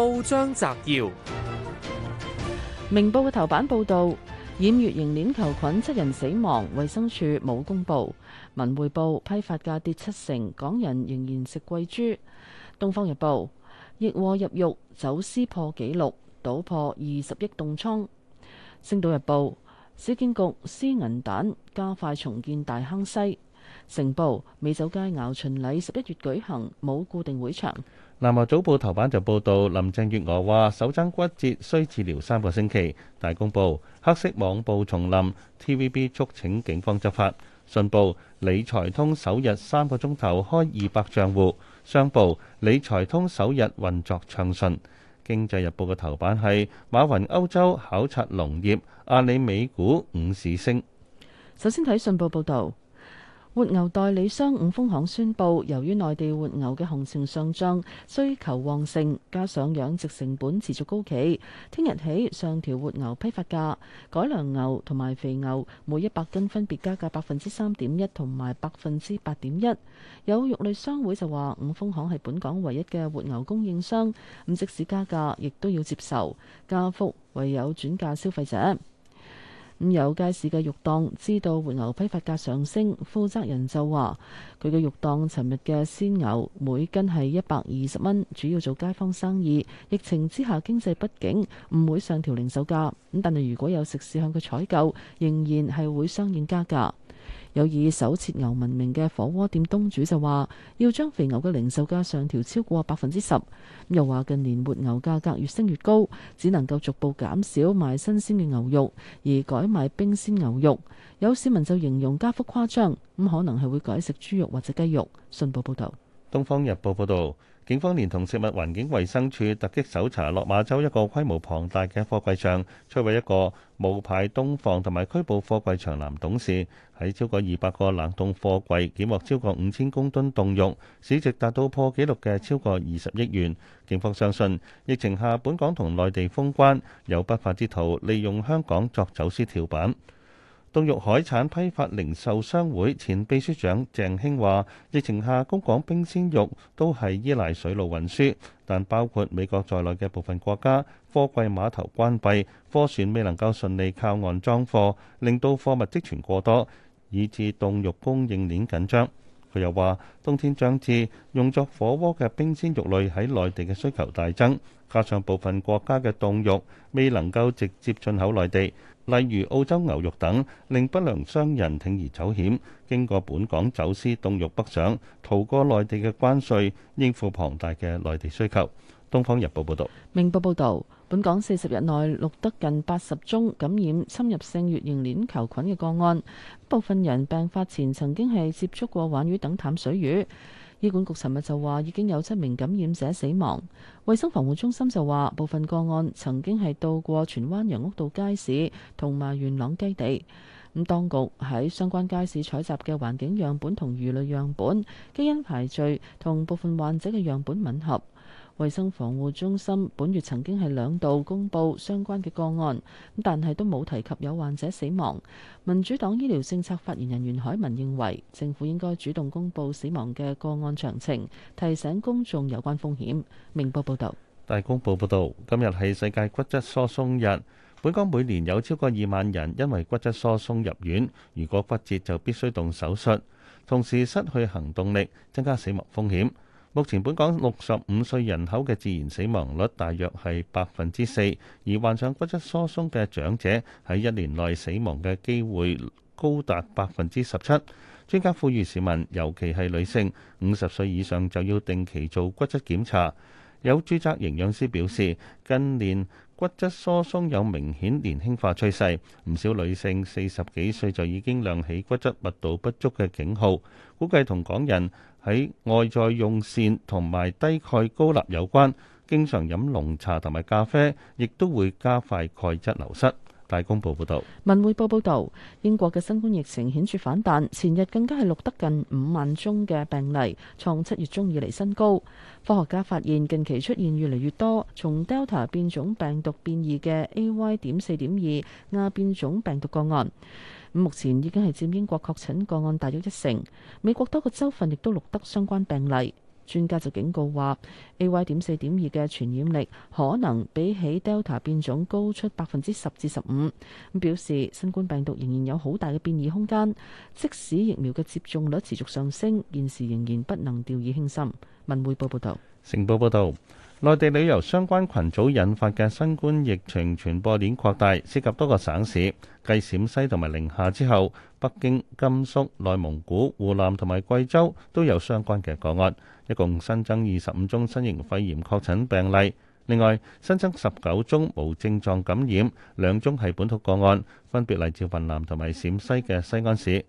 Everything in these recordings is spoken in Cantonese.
報章摘要：明報嘅頭版報道，染乙型鏈球菌七人死亡，衛生署冇公布。文匯報批發價跌七成，港人仍然食貴豬。東方日報，易貨入獄，走私破紀錄，倒破二十億凍倉。星島日報，市建局撕銀彈，加快重建大坑西。成報美酒佳餚巡禮十一月舉行，冇固定會場。南華早報頭版就報道，林鄭月娥話手踭骨折需治療三個星期。大公報黑色網報重臨，TVB 促請警方執法。信報理財通首日三個鐘頭開二百賬戶。商報理財通首日運作暢順。經濟日報嘅頭版係馬雲歐洲考察農業，阿里美股午市升。首先睇信報報道。活牛代理商五豐行宣布，由於內地活牛嘅行情上漲，需求旺盛，加上養殖成本持續高企，聽日起上調活牛批發價，改良牛同埋肥牛每一百斤分別加價百分之三點一同埋百分之八點一。有肉類商會就話，五豐行係本港唯一嘅活牛供應商，咁即使加價，亦都要接受加幅，唯有轉嫁消費者。咁有街市嘅肉檔知道活牛批發價上升，負責人就話：佢嘅肉檔尋日嘅鮮牛每斤係一百二十蚊，主要做街坊生意。疫情之下經濟不景，唔會上調零售價。咁但係如果有食肆向佢採購，仍然係會相應加價。有以手切牛聞名嘅火鍋店東主就話，要將肥牛嘅零售價上調超過百分之十。又話近年活牛價格越升越高，只能夠逐步減少賣新鮮嘅牛肉，而改賣冰鮮牛肉。有市民就形容加幅誇張，咁可能係會改食豬肉或者雞肉。信報報道，《東方日報》報道。警方連同食物環境衞生署突擊搜查落馬洲一個規模龐大嘅貨櫃場，摧毀一個無牌東房同埋拘捕貨櫃場男董事，喺超過二百個冷凍貨櫃檢獲超過五千公噸凍肉，市值達到破紀錄嘅超過二十億元。警方相信，疫情下本港同內地封關，有不法之徒利用香港作走私跳板。凍肉海產批發零售商會前秘書長鄭興話，疫情下，公港冰鮮肉都係依賴水路運輸，但包括美國在內嘅部分國家，貨櫃碼頭關閉，貨船未能夠順利靠岸裝貨，令到貨物積存過多，以致凍肉供應鏈緊張。佢又話，冬天將至，用作火鍋嘅冰鮮肉類喺內地嘅需求大增，加上部分國家嘅凍肉未能夠直接進口內地。例如澳洲牛肉等，令不良商人鋌而走險，經過本港走私，凍肉北上，逃過內地嘅關稅，應付龐大嘅內地需求。《東方日報》報導，《明報》報導，本港四十日內錄得近八十宗感染侵入性乙型鏈球菌嘅個案，部分人病發前曾經係接觸過鯇魚等淡水魚。醫管局尋日就話已經有七名感染者死亡。衛生防護中心就話，部分個案曾經係到過荃灣楊屋道街市同埋元朗基地。咁當局喺相關街市採集嘅環境樣本同魚類樣本，基因排序同部分患者嘅樣本吻合。衛生防護中心本月曾經係兩度公布相關嘅個案，但係都冇提及有患者死亡。民主黨醫療政策發言人袁海文認為，政府應該主動公布死亡嘅個案詳情，提醒公眾有關風險。明報報道：「大公報報道，今日係世界骨質疏鬆日。本港每年有超過二萬人因為骨質疏鬆入院，如果骨折就必須動手術，同時失去行動力，增加死亡風險。目前本港六十五歲人口嘅自然死亡率大約係百分之四，而患上骨質疏鬆嘅長者喺一年內死亡嘅機會高達百分之十七。專家呼籲市民，尤其係女性，五十歲以上就要定期做骨質檢查。有註冊營養師表示，近年骨質疏鬆有明顯年輕化趨勢，唔少女性四十幾歲就已經亮起骨質密度不足嘅警號，估計同港人喺外在用膳，同埋低鈣高鈉有關，經常飲濃茶同埋咖啡，亦都會加快鈣質流失。大公報報道。文匯報報道。英國嘅新冠疫情顯著反彈，前日更加係錄得近五萬宗嘅病例，創七月中以嚟新高。科學家發現近期出現越嚟越多從 Delta 變種病毒變異嘅 AY 點四點二亞變種病毒個案，目前已經係佔英國確診個案大約一成。美國多個州份亦都錄得相關病例。專家就警告話，A Y 點四點二嘅傳染力可能比起 Delta 變種高出百分之十至十五。咁表示新冠病毒仍然有好大嘅變異空間，即使疫苗嘅接種率持續上升，現時仍然不能掉以輕心。文匯報報道。成報報道。內地旅遊相關群組引發嘅新冠疫情傳播鏈擴大，涉及多個省市。繼陝西同埋寧夏之後，北京、甘肅、內蒙古、湖南同埋貴州都有相關嘅個案，一共新增二十五宗新型肺炎確診病例。另外，新增十九宗無症狀感染，兩宗係本土個案，分別嚟自雲南同埋陝西嘅西安市。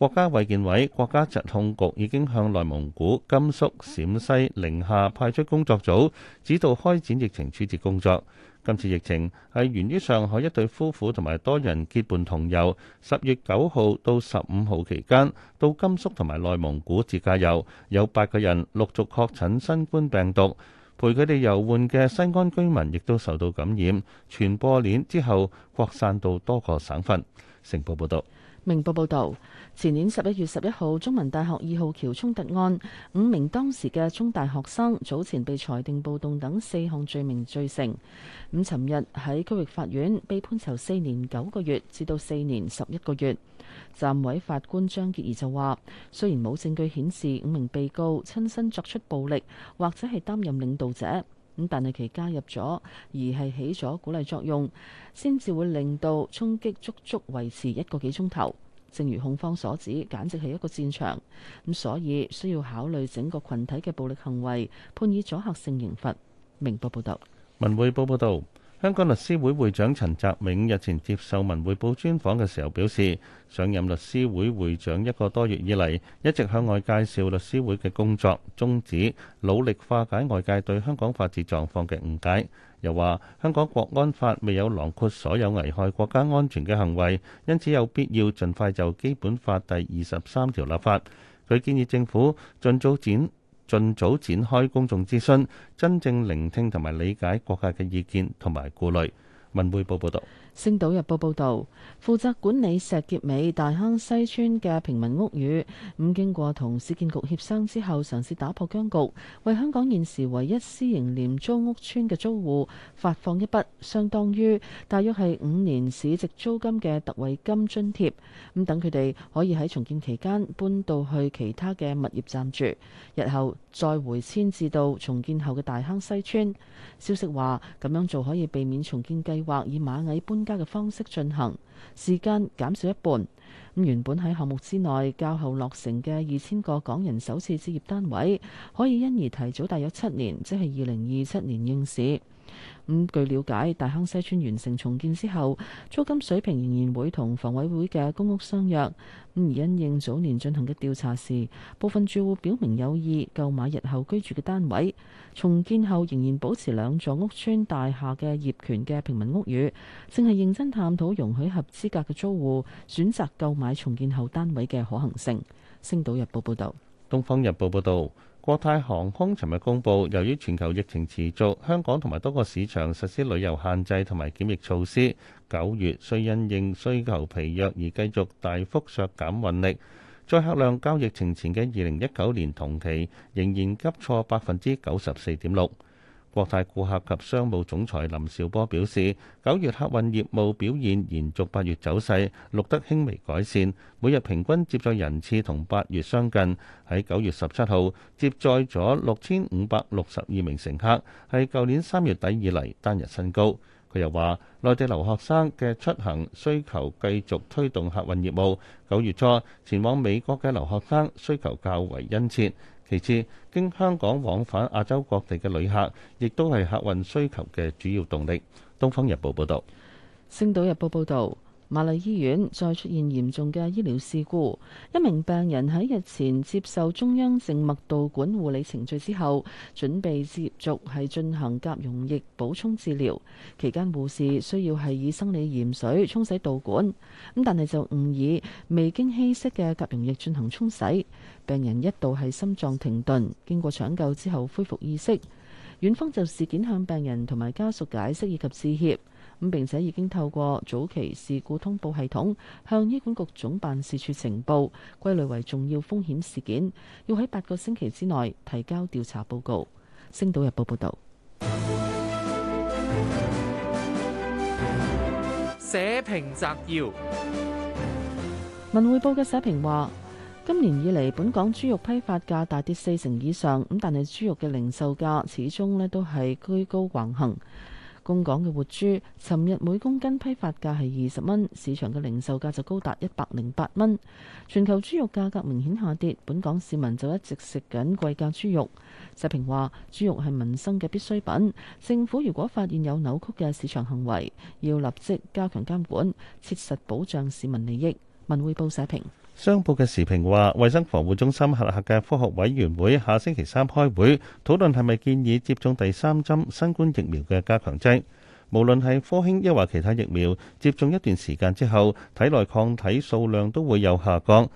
國家衛健委、國家疾控局已經向內蒙古、甘肅、陝西、寧夏派出工作組，指導開展疫情處置工作。今次疫情係源於上海一對夫婦同埋多人結伴同遊，十月九號到十五號期間到甘肅同埋內蒙古自駕遊，有八個人陸續確診新冠病毒，陪佢哋遊玩嘅西安居民亦都受到感染，傳播鏈之後擴散到多個省份。成報報道。明報報道，前年十一月十一號，中文大學二號橋衝突案，五名當時嘅中大學生早前被裁定暴動等四項罪名罪成。咁，尋日喺區域法院被判囚四年九個月至到四年十一個月。暫委法官張潔儀就話，雖然冇證據顯示五名被告親身作出暴力或者係擔任領導者。但係其加入咗，而係起咗鼓勵作用，先至會令到衝擊足足維持一個幾鐘頭。正如控方所指，簡直係一個戰場。咁所以需要考慮整個群體嘅暴力行為，判以阻嚇性刑罰。明報報道。文匯報報道。香港律師會會長陳澤銘日前接受文匯報專訪嘅時候表示，上任律師會會長一個多月以嚟，一直向外介紹律師會嘅工作宗旨，終止努力化解外界對香港法治狀況嘅誤解。又話香港國安法未有囊括所有危害國家安全嘅行為，因此有必要盡快就《基本法》第二十三條立法。佢建議政府盡早展。盡早展開公眾諮詢，真正聆聽同埋理解各界嘅意見同埋顧慮。文匯報報道。《星島日報》報導，負責管理石硤尾大坑西村嘅平民屋宇，咁經過同市建局協商之後，嘗試打破僵局，為香港現時唯一私營廉租屋村嘅租戶發放一筆相當於大約係五年市值租金嘅特惠金津貼，咁等佢哋可以喺重建期間搬到去其他嘅物業暫住，日後再回遷至到重建後嘅大坑西村。消息話，咁樣做可以避免重建計劃以螞蟻搬嘅方式進行，時間減少一半。原本喺項目之內較後落成嘅二千個港人首次置業單位，可以因而提早大約七年，即係二零二七年應市。咁、嗯、據了解，大坑西村完成重建之後，租金水平仍然會同房委會嘅公屋相約。而因應早年進行嘅調查時，部分住戶表明有意購買日後居住嘅單位。重建後仍然保持兩座屋村大廈嘅業權嘅平民屋宇，正係認真探討容許合資格嘅租戶選擇購買重建後單位嘅可行性。星島日報報道，東方日報報道。國泰航空尋日公布，由於全球疫情持續，香港同埋多個市場實施旅遊限制同埋檢疫措施，九月雖因應需求疲弱而繼續大幅削減運力，載客量較疫情前嘅二零一九年同期仍然急挫百分之九十四點六。國泰顧客及商務總裁林紹波表示，九月客運業務表現延續八月走勢，錄得輕微改善。每日平均接載人次同八月相近，喺九月十七號接載咗六千五百六十二名乘客，係舊年三月底以嚟單日新高。佢又話，內地留學生嘅出行需求繼續推動客運業務。九月初前往美國嘅留學生需求較為殷切。其次，經香港往返亞洲各地嘅旅客，亦都係客運需求嘅主要動力。《東方日報，報道》報導。《星島日報，報道》報導。瑪麗醫院再出現嚴重嘅醫療事故，一名病人喺日前接受中央靜脈導管護理程序之後，準備接續係進行鉀溶液補充治療，期間護士需要係以生理鹽水沖洗導管，咁但係就誤以未經稀釋嘅鉀溶液進行沖洗，病人一度係心臟停頓，經過搶救之後恢復意識。院方就事件向病人同埋家屬解釋以及致歉。咁並且已經透過早期事故通報系統向醫管局總辦事處呈報，歸類為重要風險事件，要喺八個星期之內提交調查報告。星島日報報導。社評摘要：文匯報嘅社評話，今年以嚟本港豬肉批發價大跌四成以上，咁但係豬肉嘅零售價始終咧都係居高橫行。供港嘅活豬，尋日每公斤批發價係二十蚊，市場嘅零售價就高達一百零八蚊。全球豬肉價格明顯下跌，本港市民就一直食緊貴價豬肉。社評話：豬肉係民生嘅必需品，政府如果發現有扭曲嘅市場行為，要立即加強監管，切實保障市民利益。文匯報社評。商報嘅時評話，衞生防護中心轄下嘅科學委員會下星期三開會討論係咪建議接種第三針新冠疫苗嘅加強劑。無論係科興抑或其他疫苗，接種一段時間之後，體內抗體數量都會有下降，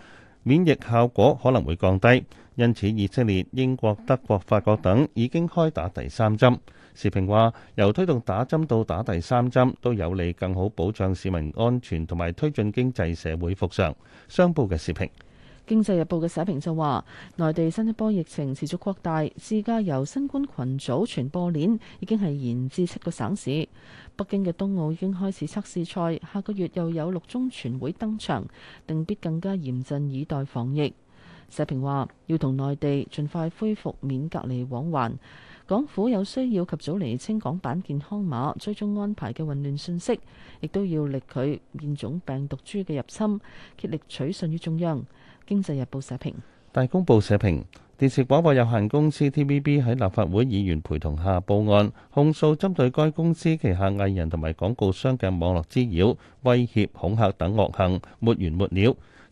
免疫效果可能會降低。因此，以色列、英國、德國、法國等已經開打第三針。社評話由推動打針到打第三針都有利更好保障市民安全同埋推進經濟社會復常。商報嘅社評，經濟日報嘅社評就話：內地新一波疫情持續擴大，自駕遊新冠群組傳播鏈已經係延至七個省市。北京嘅冬奧已經開始測試賽，下個月又有六中全會登場，定必更加嚴陣以待防疫。社評話要同內地盡快恢復免隔離往還。港府有需要及早釐清港版健康碼追蹤安排嘅混亂信息，亦都要力拒變種病毒株嘅入侵，竭力取信於中央。經濟日報社評。大公報社評，電視廣播有限公司 T V B 喺立法會議員陪同下報案控訴，針對該公司旗下藝人同埋廣告商嘅網絡滋擾、威脅、恐嚇等惡行，沒完沒了。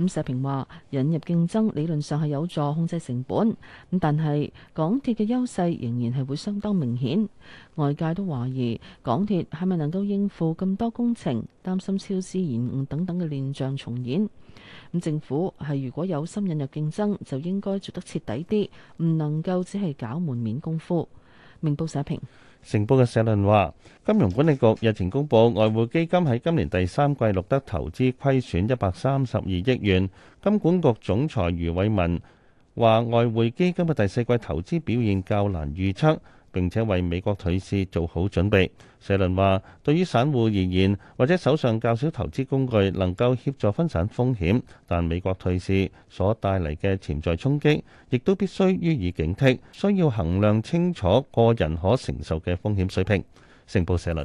咁社評話，引入競爭理論上係有助控制成本，咁但係港鐵嘅優勢仍然係會相當明顯。外界都懷疑港鐵係咪能夠應付咁多工程，擔心超支延誤等等嘅亂象重演。咁政府係如果有心引入競爭，就應該做得徹底啲，唔能夠只係搞門面功夫。明報社評。成報嘅社論話：金融管理局日前公佈，外匯基金喺今年第三季錄得投資虧損一百三十二億元。金管局總裁余偉文話：外匯基金嘅第四季投資表現較難預測。並且為美國退市做好準備。社論話：對於散戶而言，或者手上較少投資工具，能夠協助分散風險。但美國退市所帶嚟嘅潛在衝擊，亦都必須予以警惕，需要衡量清楚個人可承受嘅風險水平。成報社論。